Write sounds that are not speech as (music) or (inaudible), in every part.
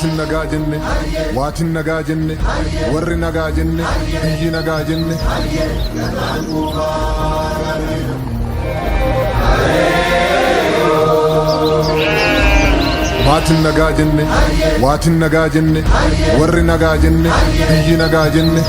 waatin nagaa jenne waatin nagaa jenne warri nagaa jenne biyyi nagaa jenne. waatin nagaa jenne waatin nagaa jenne warri nagaa jenne biyyi nagaa jenne.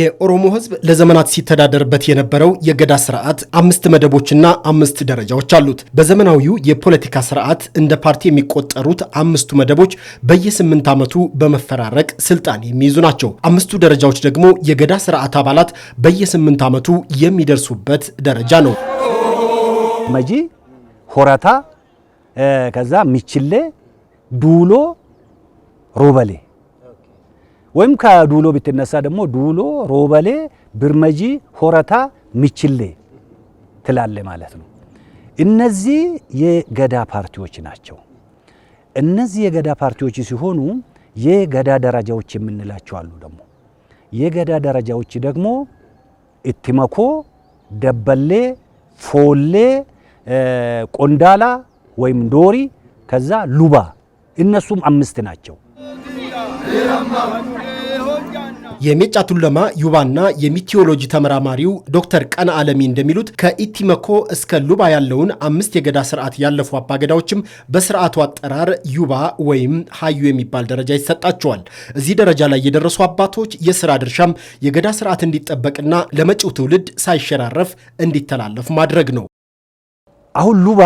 የኦሮሞ ሕዝብ ለዘመናት ሲተዳደርበት የነበረው የገዳ ስርዓት አምስት መደቦችና አምስት ደረጃዎች አሉት። በዘመናዊው የፖለቲካ ስርዓት እንደ ፓርቲ የሚቆጠሩት አምስቱ መደቦች በየስምንት ዓመቱ በመፈራረቅ ስልጣን የሚይዙ ናቸው። አምስቱ ደረጃዎች ደግሞ የገዳ ስርዓት አባላት በየስምንት ዓመቱ የሚደርሱበት ደረጃ ነው። መጂ፣ ሆረታ፣ ከዛ ሚችሌ፣ ዱሎ፣ ሮበሌ ወይም ከዱሎ ብትነሳ ደግሞ ዱሎ፣ ሮበሌ፣ ብርመጂ፣ ሆረታ፣ ሚችሌ ትላለ ማለት ነው። እነዚህ የገዳ ፓርቲዎች ናቸው። እነዚህ የገዳ ፓርቲዎች ሲሆኑ የገዳ ደረጃዎች የምንላቸው አሉ። ደግሞ የገዳ ደረጃዎች ደግሞ እትመኮ፣ ደበሌ፣ ፎሌ፣ ቆንዳላ ወይም ዶሪ፣ ከዛ ሉባ እነሱም አምስት ናቸው። የሜጫ ቱለማ ዩባና የሚቲዮሎጂ ተመራማሪው ዶክተር ቀን አለሚ እንደሚሉት ከኢቲመኮ እስከ ሉባ ያለውን አምስት የገዳ ስርዓት ያለፉ አባገዳዎችም በስርዓቱ አጠራር ዩባ ወይም ሀዩ የሚባል ደረጃ ይሰጣቸዋል። እዚህ ደረጃ ላይ የደረሱ አባቶች የስራ ድርሻም የገዳ ስርዓት እንዲጠበቅና ለመጪው ትውልድ ሳይሸራረፍ እንዲተላለፍ ማድረግ ነው። አሁን ሉባ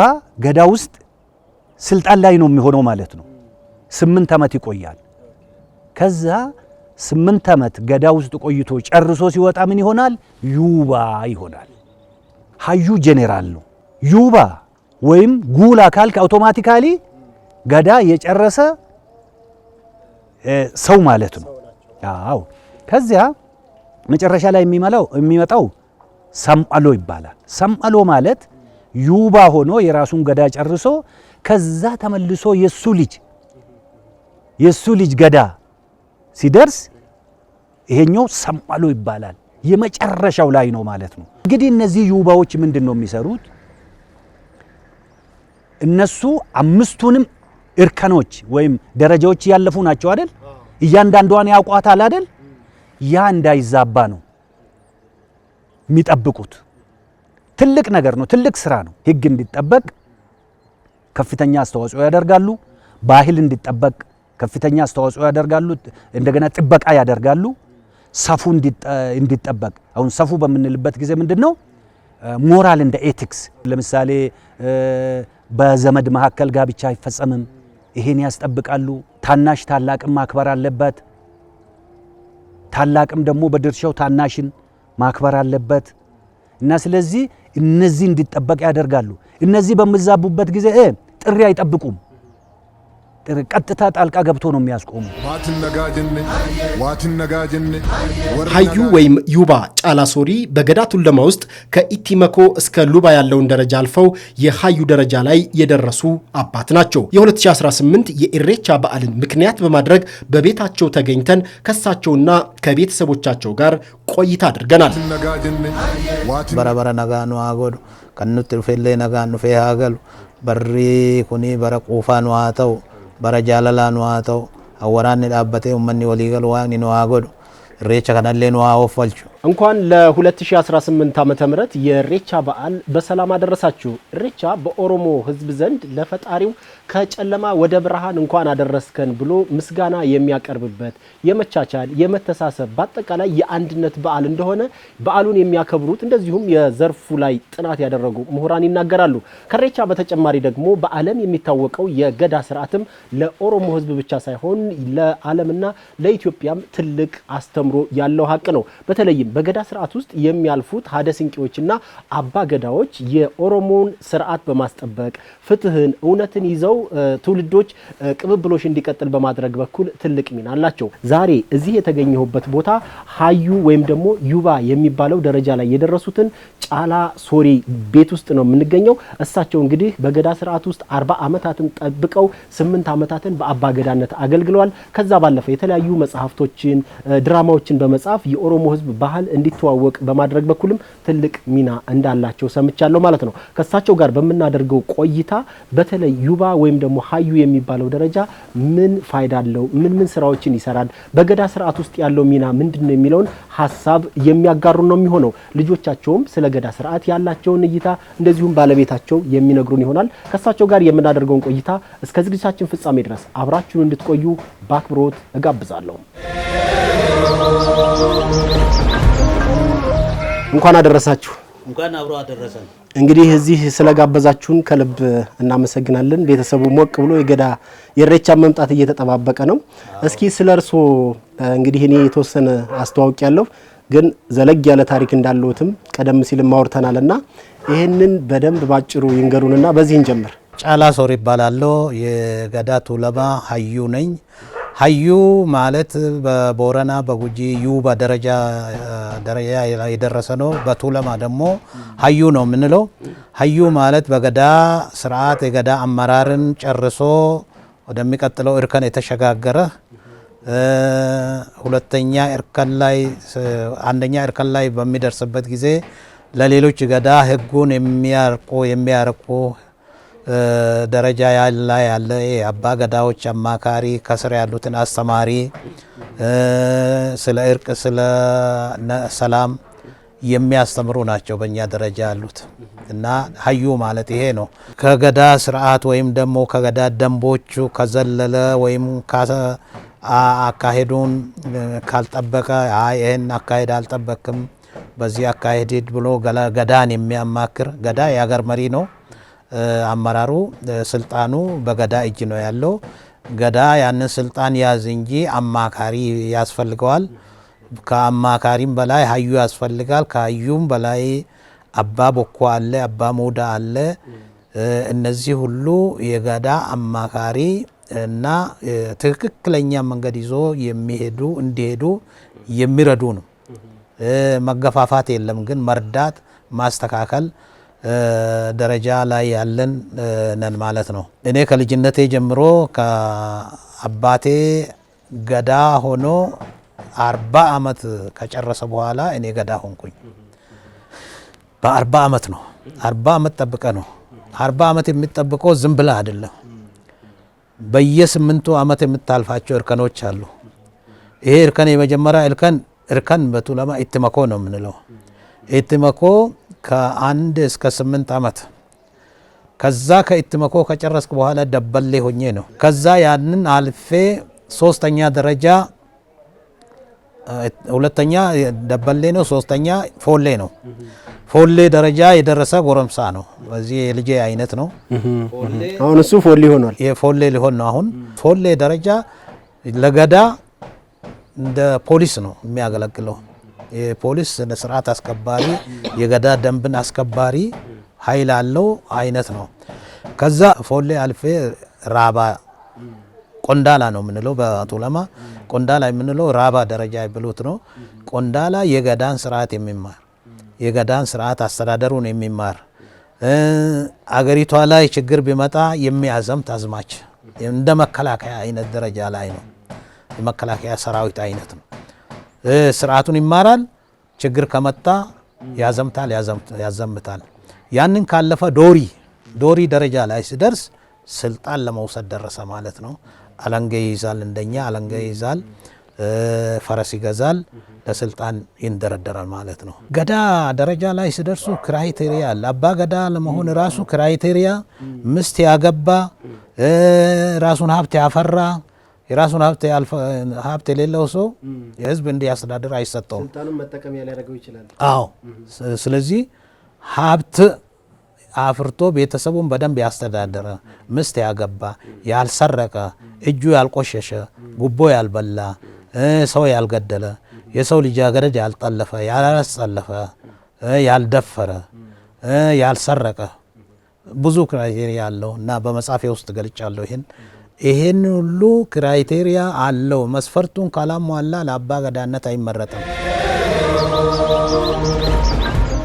ገዳ ውስጥ ስልጣን ላይ ነው የሚሆነው ማለት ነው። ስምንት ዓመት ይቆያል ከዛ ስምንት ዓመት ገዳ ውስጥ ቆይቶ ጨርሶ ሲወጣ ምን ይሆናል? ዩባ ይሆናል። ሀዩ ጄኔራል ነው። ዩባ ወይም ጉል ካልክ አውቶማቲካሊ ገዳ የጨረሰ ሰው ማለት ነው። አዎ። ከዚያ መጨረሻ ላይ የሚመላው የሚመጣው ሰምአሎ ይባላል። ሰምአሎ ማለት ዩባ ሆኖ የራሱን ገዳ ጨርሶ ከዛ ተመልሶ የሱ ልጅ የሱ ልጅ ገዳ ሲደርስ ይሄኛው ሰማሎ ይባላል። የመጨረሻው ላይ ነው ማለት ነው። እንግዲህ እነዚህ ዩባዎች ምንድን ነው የሚሰሩት? እነሱ አምስቱንም እርከኖች ወይም ደረጃዎች ያለፉ ናቸው አይደል? እያንዳንዷን ያውቋታል አይደል? ያ እንዳይዛባ ነው የሚጠብቁት። ትልቅ ነገር ነው፣ ትልቅ ስራ ነው። ህግ እንዲጠበቅ ከፍተኛ አስተዋጽኦ ያደርጋሉ። ባህል እንዲጠበቅ ከፍተኛ አስተዋጽኦ ያደርጋሉ። እንደገና ጥበቃ ያደርጋሉ። ሰፉ እንዲጠበቅ አሁን ሰፉ በምንልበት ጊዜ ምንድን ነው ሞራል እንደ ኤቲክስ ለምሳሌ በዘመድ መካከል ጋብቻ አይፈጸምም። ይሄን ያስጠብቃሉ። ታናሽ ታላቅም ማክበር አለበት። ታላቅም ደግሞ በድርሻው ታናሽን ማክበር አለበት እና ስለዚህ እነዚህ እንዲጠበቅ ያደርጋሉ። እነዚህ በምዛቡበት ጊዜ ጥሪ አይጠብቁም። ቀጥታ ጣልቃ ገብቶ ነው የሚያስቆሙ። ሀዩ ወይም ዩባ ጫላ ሶሪ በገዳ ቱለማ ውስጥ ከኢቲመኮ እስከ ሉባ ያለውን ደረጃ አልፈው የሀዩ ደረጃ ላይ የደረሱ አባት ናቸው። የ2018 የኢሬቻ በዓልን ምክንያት በማድረግ በቤታቸው ተገኝተን ከሳቸውና ከቤተሰቦቻቸው ጋር ቆይታ አድርገናል። በረበረ ነጋኑ አጎዱ ነጋኑ ፌ ሀገሉ በሪ ኩኒ በረ ቁፋኑ bara jaalala nu haa ta'u hawwaraanni dhaabbate uummanni waliigalu waaqni nu haa godhu irreecha kanallee nu ነው አወፋልቹ እንኳን ለ2018 ዓመተ ምህረት የእሬቻ በዓል በሰላም አደረሳችሁ። እሬቻ በኦሮሞ ሕዝብ ዘንድ ለፈጣሪው ከጨለማ ወደ ብርሃን እንኳን አደረስከን ብሎ ምስጋና የሚያቀርብበት የመቻቻል፣ የመተሳሰብ በአጠቃላይ የአንድነት በዓል እንደሆነ በዓሉን የሚያከብሩት እንደዚሁም የዘርፉ ላይ ጥናት ያደረጉ ምሁራን ይናገራሉ። ከሬቻ በተጨማሪ ደግሞ በዓለም የሚታወቀው የገዳ ስርዓትም ለኦሮሞ ሕዝብ ብቻ ሳይሆን ለዓለምና ለኢትዮጵያም ትልቅ አስተምሮ ያለው ሀቅ ነው። በተለይም በገዳ ስርዓት ውስጥ የሚያልፉት ሀደ ስንቄዎችና አባ ገዳዎች የኦሮሞን ስርዓት በማስጠበቅ ፍትህን፣ እውነትን ይዘው ያለው ትውልዶች ቅብብሎሽ እንዲቀጥል በማድረግ በኩል ትልቅ ሚና አላቸው። ዛሬ እዚህ የተገኘሁበት ቦታ ሀዩ ወይም ደግሞ ዩባ የሚባለው ደረጃ ላይ የደረሱትን ጫላ ሶሪ ቤት ውስጥ ነው የምንገኘው። እሳቸው እንግዲህ በገዳ ስርዓት ውስጥ አርባ ዓመታትን ጠብቀው ስምንት ዓመታትን በአባ ገዳነት አገልግለዋል። ከዛ ባለፈ የተለያዩ መጽሐፍቶችን፣ ድራማዎችን በመጻፍ የኦሮሞ ህዝብ ባህል እንዲተዋወቅ በማድረግ በኩልም ትልቅ ሚና እንዳላቸው ሰምቻለሁ ማለት ነው። ከእሳቸው ጋር በምናደርገው ቆይታ በተለይ ዩባ ወይም ደግሞ ሀዩ የሚባለው ደረጃ ምን ፋይዳ አለው? ምን ምን ስራዎችን ይሰራል? በገዳ ስርዓት ውስጥ ያለው ሚና ምንድን ነው የሚለውን ሀሳብ የሚያጋሩ ነው የሚሆነው። ልጆቻቸውም ስለ ገዳ ስርዓት ያላቸውን እይታ እንደዚሁም ባለቤታቸው የሚነግሩን ይሆናል። ከእሳቸው ጋር የምናደርገውን ቆይታ እስከ ዝግጅታችን ፍጻሜ ድረስ አብራችሁን እንድትቆዩ በአክብሮት እጋብዛለሁ። እንኳን አደረሳችሁ። እንኳን አብሮ አደረሰን። እንግዲህ እዚህ ስለጋበዛችሁን ከልብ እናመሰግናለን። ቤተሰቡ ሞቅ ብሎ የገዳ የኢሬቻን መምጣት እየተጠባበቀ ነው። እስኪ ስለ እርስዎ እንግዲህ እኔ የተወሰነ አስተዋውቅ ያለሁ ግን ዘለግ ያለ ታሪክ እንዳለውትም ቀደም ሲልም አውርተናል እና ይህንን በደንብ ባጭሩ ይንገሩንና በዚህ እንጀምር። ጫላ ሶር ይባላለሁ። የገዳ ቱለማ ሀዩ ነኝ። ሀዩ ማለት በቦረና በጉጂ ዩ በደረጃ ደረጃ የደረሰ ነው። በቱለማ ደግሞ ሀዩ ነው የምንለው። ሀዩ ማለት በገዳ ስርዓት የገዳ አመራርን ጨርሶ ወደሚቀጥለው እርከን የተሸጋገረ ሁለተኛ እርከን ላይ አንደኛ እርከን ላይ በሚደርስበት ጊዜ ለሌሎች ገዳ ህጉን የሚያርቁ የሚያርቁ ደረጃ ያላ ያለ የአባ ገዳዎች አማካሪ፣ ከስር ያሉትን አስተማሪ፣ ስለ እርቅ ስለ ሰላም የሚያስተምሩ ናቸው በእኛ ደረጃ ያሉት እና ሀዩ ማለት ይሄ ነው። ከገዳ ስርዓት ወይም ደግሞ ከገዳ ደንቦቹ ከዘለለ ወይም አካሄዱን ካልጠበቀ ይህን አካሄድ አልጠበቅም፣ በዚህ አካሄድ ብሎ ገዳን የሚያማክር ገዳ የሀገር መሪ ነው። አመራሩ ስልጣኑ በገዳ እጅ ነው ያለው። ገዳ ያንን ስልጣን ያዝ እንጂ አማካሪ ያስፈልገዋል። ከአማካሪም በላይ ሀዩ ያስፈልጋል። ከሀዩም በላይ አባ ቦኮ አለ፣ አባ ሞዳ አለ። እነዚህ ሁሉ የገዳ አማካሪ እና ትክክለኛ መንገድ ይዞ የሚሄዱ እንዲሄዱ የሚረዱ ነው። መገፋፋት የለም ግን መርዳት ማስተካከል ደረጃ ላይ ያለን ነን ማለት ነው። እኔ ከልጅነቴ ጀምሮ ከአባቴ ገዳ ሆኖ አርባ ዓመት ከጨረሰ በኋላ እኔ ገዳ ሆንኩኝ። በአርባ ዓመት ነው። አርባ ዓመት ጠብቀ ነው። አርባ ዓመት የሚጠብቀው ዝም ብላ አይደለም። በየስምንቱ ዓመት የምታልፋቸው እርከኖች አሉ። ይሄ እርከን የመጀመሪያ እርከን እርከን በቱለማ ኢትመኮ ነው የምንለው ኢትመኮ ከአንድ እስከ ስምንት ዓመት ከዛ ከኢትመኮ ከጨረስኩ በኋላ ደበሌ ሆኜ ነው። ከዛ ያንን አልፌ ሶስተኛ ደረጃ ሁለተኛ ደበሌ ነው፣ ሶስተኛ ፎሌ ነው። ፎሌ ደረጃ የደረሰ ጎረምሳ ነው። በዚህ የልጄ አይነት ነው። አሁን እሱ ፎሌ ሆኗል። የፎሌ ሊሆን ነው አሁን። ፎሌ ደረጃ ለገዳ እንደ ፖሊስ ነው የሚያገለግለው። የፖሊስ ስርዓት አስከባሪ፣ የገዳ ደንብን አስከባሪ ኃይል አለው አይነት ነው። ከዛ ፎሌ አልፌ ራባ ቆንዳላ ነው የምንለው በአቶ ለማ ቆንዳላ የምንለው ራባ ደረጃ ብሎት ነው። ቆንዳላ የገዳን ስርዓት የሚማር የገዳን ስርዓት አስተዳደሩን የሚማር አገሪቷ ላይ ችግር ቢመጣ የሚያዘምት አዝማች እንደ መከላከያ አይነት ደረጃ ላይ ነው። የመከላከያ ሰራዊት አይነት ነው። ስርዓቱን ይማራል። ችግር ከመጣ ያዘምታል፣ ያዘምታል። ያንን ካለፈ ዶሪ ዶሪ ደረጃ ላይ ሲደርስ ስልጣን ለመውሰድ ደረሰ ማለት ነው። አለንጋ ይይዛል፣ እንደኛ አለንጋ ይይዛል፣ ፈረስ ይገዛል፣ ለስልጣን ይንደረደራል ማለት ነው። ገዳ ደረጃ ላይ ሲደርሱ ክራይቴሪያ አለ። አባ ገዳ ለመሆን ራሱ ክራይቴሪያ ምስት ያገባ ራሱን ሀብት ያፈራ የራሱን ሀብት የሌለው ሰው የህዝብ እንዲያስተዳድር አይሰጠውም። ስልጣኑን መጠቀሚያ ሊያደርገው ይችላል። አዎ። ስለዚህ ሀብት አፍርቶ ቤተሰቡን በደንብ ያስተዳደረ፣ ምስት ያገባ፣ ያልሰረቀ፣ እጁ ያልቆሸሸ፣ ጉቦ ያልበላ፣ ሰው ያልገደለ፣ የሰው ልጃገረድ ያልጠለፈ፣ ያላስጠለፈ፣ ያልደፈረ፣ ያልሰረቀ ብዙ ክራይቴሪያ ያለው እና በመጻፌ ውስጥ ገልጫለሁ ይህን ይሄን ሁሉ ክራይቴሪያ አለው። መስፈርቱን ካላሟላ ለአባ ገዳነት አይመረጥም።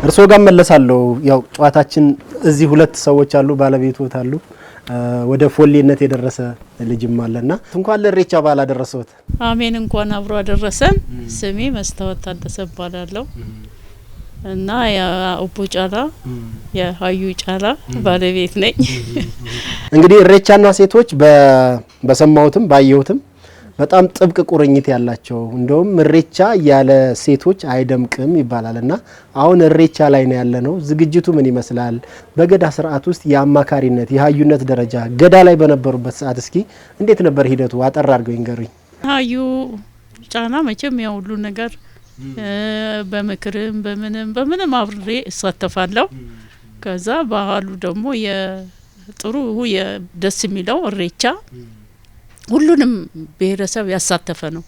እርስዎ ጋር መለሳለሁ። ያው ጨዋታችን እዚህ ሁለት ሰዎች አሉ፣ ባለቤቶት አሉ፣ ወደ ፎሌነት የደረሰ ልጅም አለና እንኳን ለኢሬቻ በዓል አደረሰዎት። አሜን። እንኳን አብሮ አደረሰን። ስሜ መስታወት ታደሰ እባላለሁ። እና የኦቦ ጫላ የሀዩ ጫላ ባለቤት ነኝ። እንግዲህ እሬቻና ሴቶች በሰማሁትም ባየሁትም በጣም ጥብቅ ቁርኝት ያላቸው እንደውም እሬቻ ያለ ሴቶች አይደምቅም ይባላል እና አሁን እሬቻ ላይ ነው ያለ ነው። ዝግጅቱ ምን ይመስላል? በገዳ ስርዓት ውስጥ የአማካሪነት የሀዩነት ደረጃ ገዳ ላይ በነበሩበት ሰዓት እስኪ እንዴት ነበር ሂደቱ? አጠር አድርገው ይንገሩኝ። ሀዩ ጫላ መቼም ያው ሁሉ ነገር በምክርም በምንም በምንም አብሬ እሳተፋለሁ። ከዛ ባህሉ ደግሞ የጥሩ ደስ የሚለው እሬቻ ሁሉንም ብሔረሰብ ያሳተፈ ነው።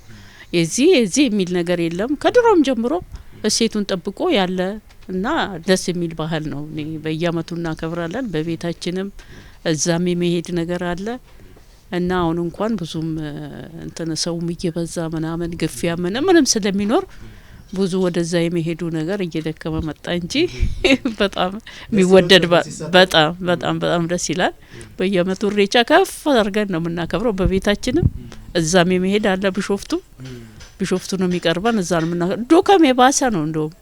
የዚህ የዚህ የሚል ነገር የለም። ከድሮም ጀምሮ እሴቱን ጠብቆ ያለ እና ደስ የሚል ባህል ነው። እኔ በየአመቱ እናከብራለን። በቤታችንም እዛም የመሄድ ነገር አለ እና አሁን እንኳን ብዙም እንትን ሰውም እየበዛ ምናምን ግፊያ ምንም ምንም ስለሚኖር ብዙ ወደዛ የመሄዱ ነገር እየደከመ መጣ እንጂ በጣም የሚወደድ በጣም በጣም በጣም ደስ ይላል። በየአመቱ ሬቻ ከፍ አድርገን ነው የምናከብረው። በቤታችንም እዛም የመሄድ አለ። ቢሾፍቱ ቢሾፍቱ ነው የሚቀርበን። እዛ ነው ምና ዶከም የባሰ ነው እንደውም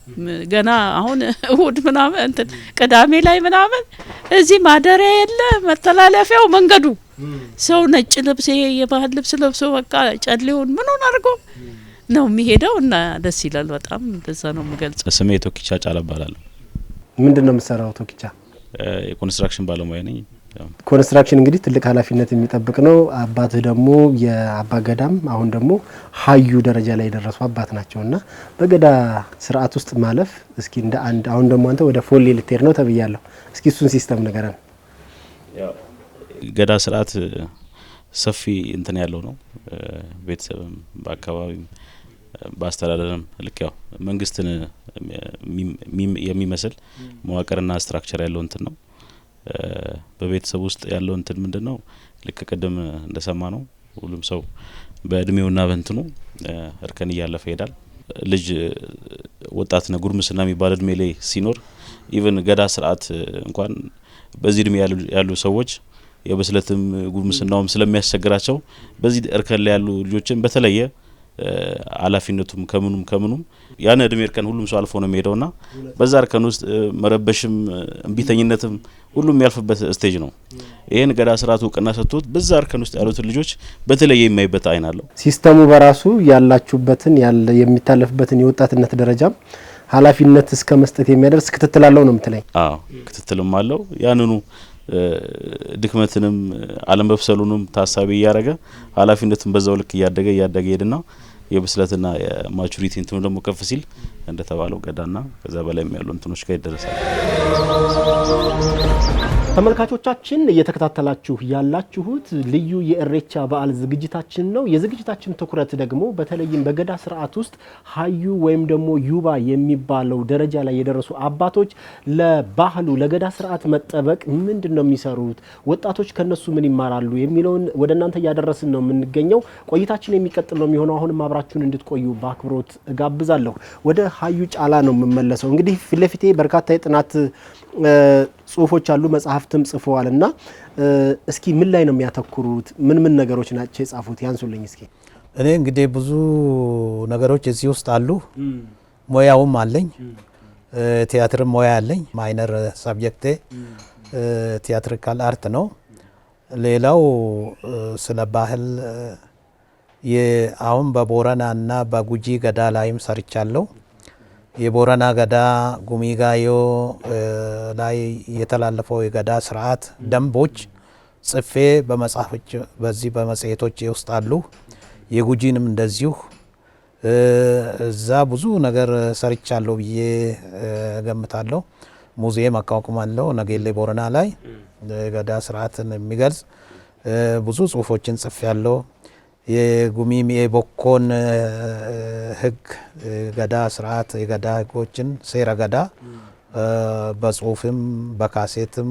ገና አሁን (laughs) እሁድ ምናምን እንትን ቅዳሜ ላይ ምናምን እዚህ ማደሪያ የለ መተላለፊያው መንገዱ ሰው ነጭ ልብስ የባህል ልብስ ለብሶ በቃ ጨሌውን ምኑን አድርጎ ነው የሚሄደው እና ደስ ይላል በጣም በዛ ነው የምገልጸው። ስሜ ቶኪቻ ጫላ እባላለሁ። ምንድን ነው የምሰራው? ቶኪቻ የኮንስትራክሽን ባለሙያ ነኝ። ኮንስትራክሽን እንግዲህ ትልቅ ኃላፊነት የሚጠብቅ ነው። አባትህ ደግሞ የአባ ገዳም አሁን ደግሞ ሀዩ ደረጃ ላይ የደረሱ አባት ናቸው እና በገዳ ስርዓት ውስጥ ማለፍ እስኪ እንደ አንድ አሁን ደግሞ አንተ ወደ ፎሌ ልትሄድ ነው ተብያለሁ። እስኪ እሱን ሲስተም ንገረን። ገዳ ስርዓት ሰፊ እንትን ያለው ነው። ቤተሰብም በአካባቢም በአስተዳደርም ልክ ያው መንግስትን የሚመስል መዋቅርና ስትራክቸር ያለው እንትን ነው። በቤተሰብ ውስጥ ያለው እንትን ምንድን ነው? ልክ ቅድም እንደሰማ ነው ሁሉም ሰው በእድሜውና በንትኑ እርከን እያለፈ ይሄዳል። ልጅ ወጣትና ጉርምስና የሚባል እድሜ ላይ ሲኖር ኢቨን ገዳ ስርዓት እንኳን በዚህ እድሜ ያሉ ሰዎች የብስለትም ጉርምስናውም ስለሚያስቸግራቸው በዚህ እርከን ላይ ያሉ ልጆችን በተለየ ኃላፊነቱም ከምኑም ከምኑም ያን እድሜ እርከን ሁሉም ሰው አልፎ ነው ና በዛ እርከን ውስጥ መረበሽም እንቢተኝነትም ሁሉም የሚያልፍበት ስቴጅ ነው። ይህን ገዳ ስርዓት እውቅና ሰጥቶት በዛ እርከን ውስጥ ያሉትን ልጆች በተለየ የማይበት አይን አለው። ሲስተሙ በራሱ ያላችሁበትን የሚታለፍበትን የወጣትነት ደረጃም ኃላፊነት እስከ መስጠት የሚያደርስ ክትትል አለው ነው የምትለኝ? አዎ ክትትልም አለው ያንኑ ድክመትንም አለመብሰሉንም ታሳቢ እያደረገ ኃላፊነትን በዛው ልክ እያደገ እያደገ ሄድና የብስለትና የማቹሪቲ እንትኑ ደግሞ ከፍ ሲል እንደተባለው ገዳና ከዛ በላይ ያሉ እንትኖች ጋር ይደረሳል። ተመልካቾቻችን እየተከታተላችሁ ያላችሁት ልዩ የእሬቻ በዓል ዝግጅታችን ነው። የዝግጅታችን ትኩረት ደግሞ በተለይም በገዳ ስርዓት ውስጥ ሀዩ ወይም ደግሞ ዩባ የሚባለው ደረጃ ላይ የደረሱ አባቶች ለባህሉ ለገዳ ስርዓት መጠበቅ ምንድን ነው የሚሰሩት፣ ወጣቶች ከነሱ ምን ይማራሉ የሚለውን ወደ እናንተ እያደረስን ነው የምንገኘው። ቆይታችን የሚቀጥል ነው የሚሆነው። አሁንም አብራ አብራችሁን እንድትቆዩ በአክብሮት እጋብዛለሁ። ወደ ሀዩ ጫላ ነው የምመለሰው። እንግዲህ ፊት ለፊቴ በርካታ የጥናት ጽሁፎች አሉ፣ መጽሐፍትም ጽፈዋል እና እስኪ ምን ላይ ነው የሚያተኩሩት? ምን ምን ነገሮች ናቸው የጻፉት? ያንሱልኝ እስኪ። እኔ እንግዲህ ብዙ ነገሮች እዚህ ውስጥ አሉ። ሙያውም አለኝ፣ ቲያትርም ሙያ አለኝ። ማይነር ሳብጀክቴ ቲያትሪካል አርት ነው። ሌላው ስለ ባህል አሁን በቦረና እና በጉጂ ገዳ ላይም ሰርቻለሁ። የቦረና ገዳ ጉሚጋዮ ላይ የተላለፈው የገዳ ስርዓት ደንቦች ጽፌ በመጽሐፎች በዚህ በመጽሔቶች ውስጥ አሉ። የጉጂንም እንደዚሁ እዛ ብዙ ነገር ሰርቻለሁ ብዬ ገምታለሁ። ሙዚየም አቋቁማለሁ ነጌሌ ቦረና ላይ ገዳ ስርዓትን የሚገልጽ ብዙ ጽሁፎችን ጽፌያለሁ። የጉሚም የቦኮን ህግ ገዳ ስርዓት የገዳ ህጎችን ሴረ ገዳ በጽሁፍም በካሴትም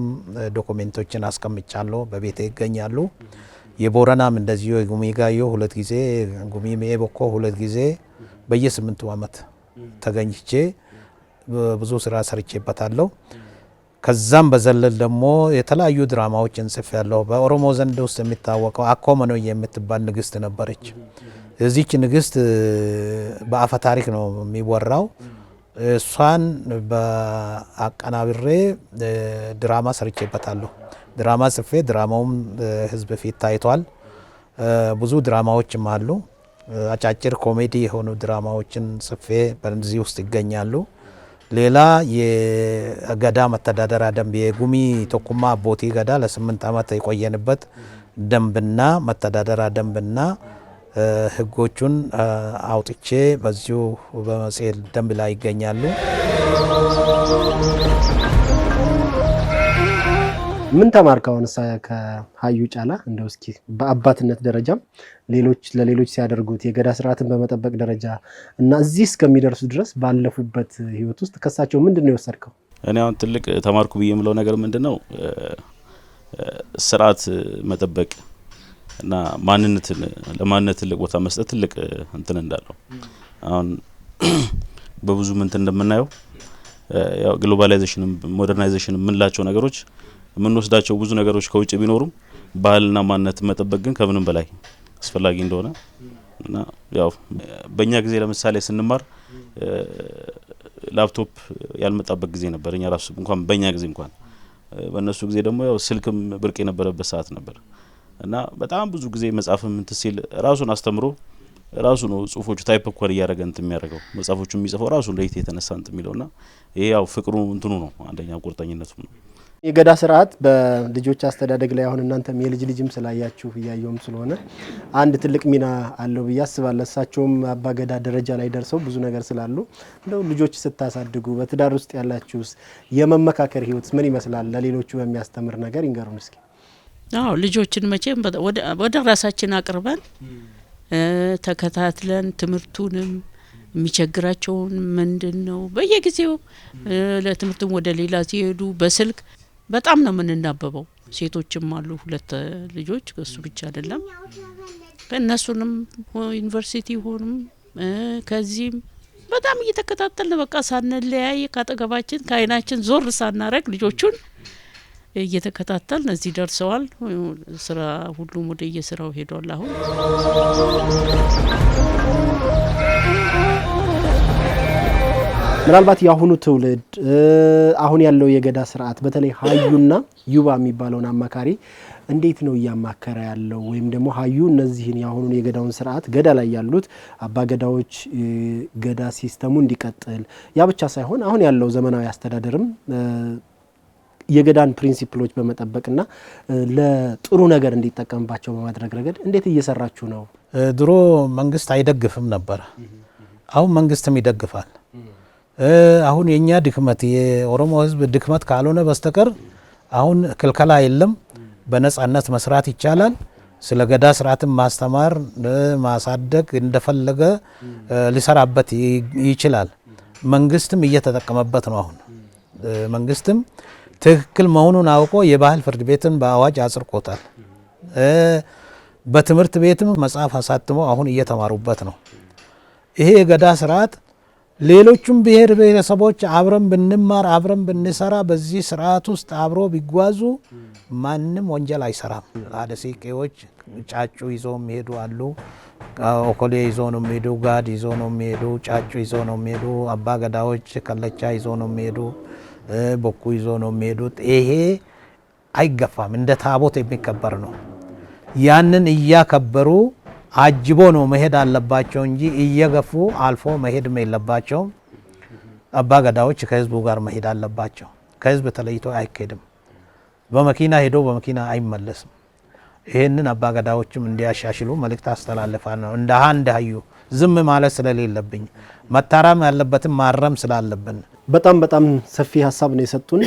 ዶኩሜንቶችን አስቀምጫለሁ። በቤት ይገኛሉ። የቦረናም እንደዚሁ የጉሚ ጋዮ ሁለት ጊዜ ጉሚ ሜ ቦኮ ሁለት ጊዜ በየስምንቱ አመት ተገኝቼ ብዙ ስራ ሰርቼበታለሁ። ከዛም በዘለል ደግሞ የተለያዩ ድራማዎችን ያለው በኦሮሞ ዘንድ ውስጥ የሚታወቀው አኮመኖ የምትባል ንግስት ነበረች። እዚች ንግስት በአፈ ታሪክ ነው የሚወራው። እሷን በአቀናብሬ ድራማ ሰርቼበታለሁ። ድራማ ጽፌ ድራማውም ህዝብ ፊት ታይቷል። ብዙ ድራማዎችም አሉ። አጫጭር ኮሜዲ የሆኑ ድራማዎችን ጽፌ በዚህ ውስጥ ይገኛሉ። ሌላ የገዳ መተዳደሪያ ደንብ የጉሚ ቶኩማ አቦቲ ገዳ ለስምንት ዓመት የቆየንበት ደንብና መተዳደሪያ ደንብና ህጎቹን አውጥቼ በዚሁ በመጽሔት ደንብ ላይ ይገኛሉ። ምን ተማርከውን ከሀዩ ጫላ እንደው እስኪ በአባትነት ደረጃም ሌሎች ለሌሎች ሲያደርጉት የገዳ ስርዓትን በመጠበቅ ደረጃ እና እዚህ እስከሚደርሱ ድረስ ባለፉበት ህይወት ውስጥ ከሳቸው ምንድን ነው የወሰድከው? እኔ አሁን ትልቅ ተማርኩ ብዬ የምለው ነገር ምንድን ነው ስርዓት መጠበቅ እና ማንነትን ለማንነት ትልቅ ቦታ መስጠት ትልቅ እንትን እንዳለው አሁን በብዙ ምንትን እንደምናየው ግሎባላይዜሽን ሞደርናይዜሽን የምንላቸው ነገሮች የምንወስዳቸው ብዙ ነገሮች ከውጭ ቢኖሩም ባህልና ማንነት መጠበቅ ግን ከምንም በላይ አስፈላጊ እንደሆነ እና ያው በእኛ ጊዜ ለምሳሌ ስንማር ላፕቶፕ ያልመጣበት ጊዜ ነበር። እኛ ራሱ እንኳን በእኛ ጊዜ እንኳን በእነሱ ጊዜ ደግሞ ያው ስልክም ብርቅ የነበረበት ሰዓት ነበር እና በጣም ብዙ ጊዜ መጽሐፍም እንትን ሲል ራሱን አስተምሮ ራሱ ነው ጽሁፎቹ ታይፕ ኮር እያደረገ እንትን የሚያደርገው መጽሐፎቹ የሚጽፈው ራሱ ለይት የተነሳ እንትን የሚለው ና ይሄ ያው ፍቅሩ እንትኑ ነው አንደኛ ቁርጠኝነቱ ነው። የገዳ ስርዓት በልጆች አስተዳደግ ላይ አሁን እናንተም የልጅ ልጅም ስላያችሁ እያየውም ስለሆነ አንድ ትልቅ ሚና አለው ብዬ አስባለሁ። እሳቸውም አባገዳ ደረጃ ላይ ደርሰው ብዙ ነገር ስላሉ እንደው ልጆች ስታሳድጉ በትዳር ውስጥ ያላችሁስ የመመካከር ህይወት ምን ይመስላል? ለሌሎቹ በሚያስተምር ነገር ይንገሩን እስኪ። አዎ ልጆችን መቼም ወደ ራሳችን አቅርበን ተከታትለን ትምህርቱንም የሚቸግራቸውን ምንድን ነው በየጊዜው ለትምህርትም ወደ ሌላ ሲሄዱ በስልክ በጣም ነው የምንናበበው። ሴቶችም አሉ ሁለት ልጆች፣ እሱ ብቻ አይደለም። እነሱንም ዩኒቨርሲቲ ሆኑም ከዚህም በጣም እየተከታተልን በቃ ሳንለያይ ካጠገባችን ከአይናችን ዞር ሳናረግ ልጆቹን እየተከታተልን እዚህ ደርሰዋል። ስራ ሁሉም ወደ የስራው ሄዷል አሁን ምናልባት የአሁኑ ትውልድ አሁን ያለው የገዳ ስርዓት በተለይ ሀዩና ዩባ የሚባለውን አማካሪ እንዴት ነው እያማከረ ያለው? ወይም ደግሞ ሀዩ እነዚህን የአሁኑን የገዳውን ስርዓት ገዳ ላይ ያሉት አባ ገዳዎች ገዳ ሲስተሙ እንዲቀጥል ያ ብቻ ሳይሆን አሁን ያለው ዘመናዊ አስተዳደርም የገዳን ፕሪንሲፕሎች በመጠበቅና ለጥሩ ነገር እንዲጠቀምባቸው በማድረግ ረገድ እንዴት እየሰራችሁ ነው? ድሮ መንግስት አይደግፍም ነበር። አሁን መንግስትም ይደግፋል። አሁን የእኛ ድክመት የኦሮሞ ህዝብ ድክመት ካልሆነ በስተቀር አሁን ክልከላ የለም። በነጻነት መስራት ይቻላል። ስለ ገዳ ስርዓትን ማስተማር፣ ማሳደግ እንደፈለገ ሊሰራበት ይችላል። መንግስትም እየተጠቀመበት ነው። አሁን መንግስትም ትክክል መሆኑን አውቆ የባህል ፍርድ ቤትን በአዋጅ አጽርቆታል። በትምህርት ቤትም መጽሐፍ አሳትሞ አሁን እየተማሩበት ነው። ይሄ የገዳ ስርዓት ሌሎቹም ብሔር ብሔረሰቦች አብረን ብንማር አብረን ብንሰራ በዚህ ስርዓት ውስጥ አብሮ ቢጓዙ ማንም ወንጀል አይሰራም። አደሴቄዎች ጫጩ ይዞ የሚሄዱ አሉ። ኦኮሌ ይዞ ነው የሚሄዱ፣ ጋድ ይዞ ነው የሚሄዱ፣ ጫጩ ይዞ ነው የሚሄዱ፣ አባ ገዳዎች ከለቻ ይዞ ነው የሚሄዱ፣ በኩ ይዞ ነው የሚሄዱት። ይሄ አይገፋም፣ እንደ ታቦት የሚከበር ነው። ያንን እያከበሩ አጅቦ ነው መሄድ አለባቸው እንጂ እየገፉ አልፎ መሄድ የለባቸውም። አባ ገዳዎች ከህዝቡ ጋር መሄድ አለባቸው። ከህዝብ ተለይቶ አይከድም በመኪና ሄዶ በመኪና አይመለስም። ይህንን አባ ገዳዎችም እንዲያሻሽሉ መልእክት አስተላልፋ ነው። እንደ አንድ ዝም ማለት ስለሌለብኝ መታረም ያለበትም ማረም ስላለብን በጣም በጣም ሰፊ ሀሳብ ነው የሰጡን።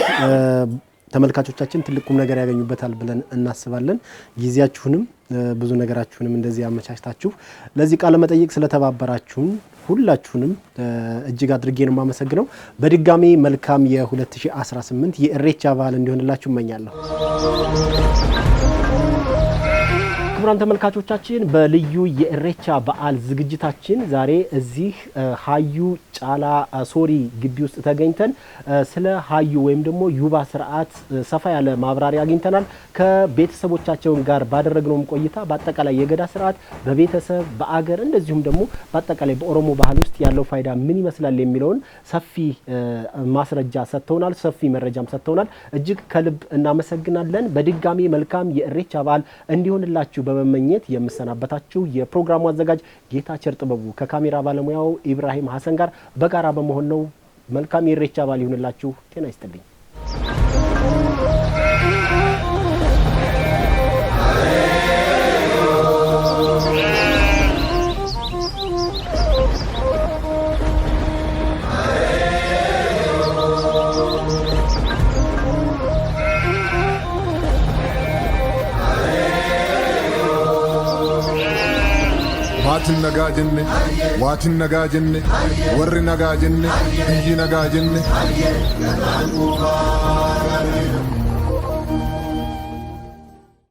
ተመልካቾቻችን ትልቅ ቁም ነገር ያገኙበታል ብለን እናስባለን። ጊዜያችሁንም ብዙ ነገራችሁንም እንደዚህ አመቻችታችሁ ለዚህ ቃለ መጠይቅ ስለተባበራችሁን ሁላችሁንም እጅግ አድርጌ ነው የማመሰግነው። በድጋሚ መልካም የ2018 የእሬቻ ባህል እንዲሆንላችሁ እመኛለሁ። ክቡራን ተመልካቾቻችን በልዩ የእሬቻ በዓል ዝግጅታችን ዛሬ እዚህ ሀዩ ጫላ ሶሪ ግቢ ውስጥ ተገኝተን ስለ ሀዩ ወይም ደግሞ ዩባ ስርዓት ሰፋ ያለ ማብራሪያ አግኝተናል። ከቤተሰቦቻቸውን ጋር ባደረግነውም ቆይታ በአጠቃላይ የገዳ ስርዓት በቤተሰብ በአገር፣ እንደዚሁም ደግሞ በአጠቃላይ በኦሮሞ ባህል ውስጥ ያለው ፋይዳ ምን ይመስላል የሚለውን ሰፊ ማስረጃ ሰጥተውናል፣ ሰፊ መረጃም ሰጥተውናል። እጅግ ከልብ እናመሰግናለን። በድጋሚ መልካም የእሬቻ በዓል እንዲሆንላችሁ በመመኘት የምሰናበታችሁ የፕሮግራሙ አዘጋጅ ጌታቸር ጥበቡ ከካሜራ ባለሙያው ኢብራሂም ሀሰን ጋር በጋራ በመሆን ነው። መልካም የኢሬቻ በዓል ይሁንላችሁ። ጤና ይስጥልኝ። Wanti nagaa jenne waatiin nagaa jenne warri nagaa jenne biyyi nagaa jenne.